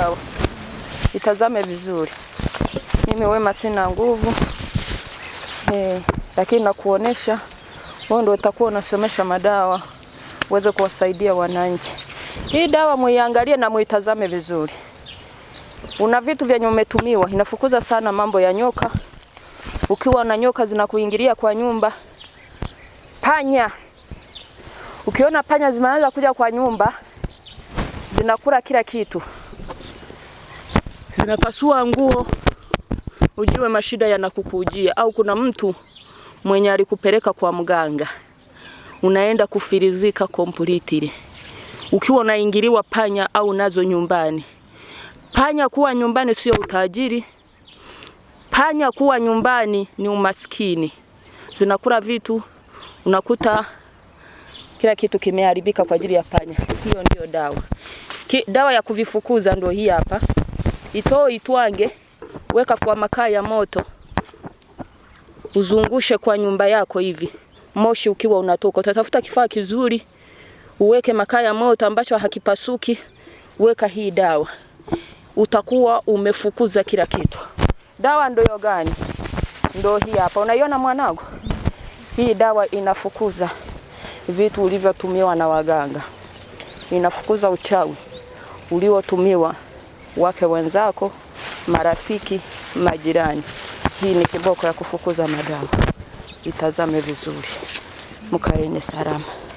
dawa. Itazame vizuri. Mimi Wema sina nguvu eh, lakini nakuonesha wewe ndio utakuwa unasomesha madawa uweze kuwasaidia wananchi. Hii dawa muiangalie na muitazame vizuri. Una vitu vyenye umetumiwa, inafukuza sana mambo ya nyoka. Ukiwa na nyoka zinakuingilia kwa nyumba, panya. Ukiona panya zimeanza kuja kwa nyumba, zinakula kila kitu zinapasua nguo, ujue mashida yanakukujia, au kuna mtu mwenye alikupeleka kwa mganga, unaenda kufirizika completely ukiwa unaingiliwa panya au nazo nyumbani. Panya kuwa nyumbani sio utajiri, panya kuwa nyumbani ni umaskini. Zinakula vitu, unakuta kila kitu kimeharibika kwa ajili ya panya. Hiyo ndio dawa ki, dawa ya kuvifukuza ndio hii hapa itoo itwange, weka kwa makaa ya moto, uzungushe kwa nyumba yako hivi, moshi ukiwa unatoka. Utatafuta kifaa kizuri, uweke makaa ya moto ambacho hakipasuki, weka hii dawa, utakuwa umefukuza kila kitu. Dawa ndio gani? Ndo hii hapa, unaiona mwanangu, hii dawa inafukuza vitu ulivyotumiwa na waganga, inafukuza uchawi uliotumiwa wake wenzako, marafiki, majirani. Hii ni kiboko ya kufukuza madawa. Itazame vizuri, mkaeni salama.